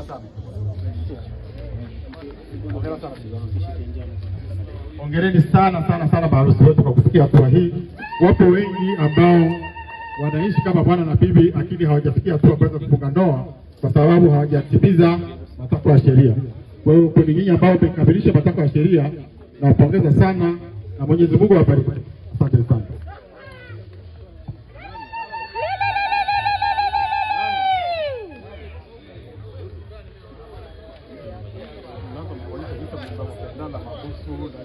ongereni sana. sana. Hongereni sana sana sana maharusi wetu kwa kufikia hatua hii. Wapo wengi ambao wanaishi kama bwana na bibi, lakini hawajafikia hatua kuweza kufunga ndoa kwa sababu hawajatimiza matakwa ya sheria. Kwa hiyo kuna nyinyi ambao mmekamilisha matakwa ya sheria, nawapongeza sana na Mwenyezi Mungu awabariki. Asante sana. absurdo.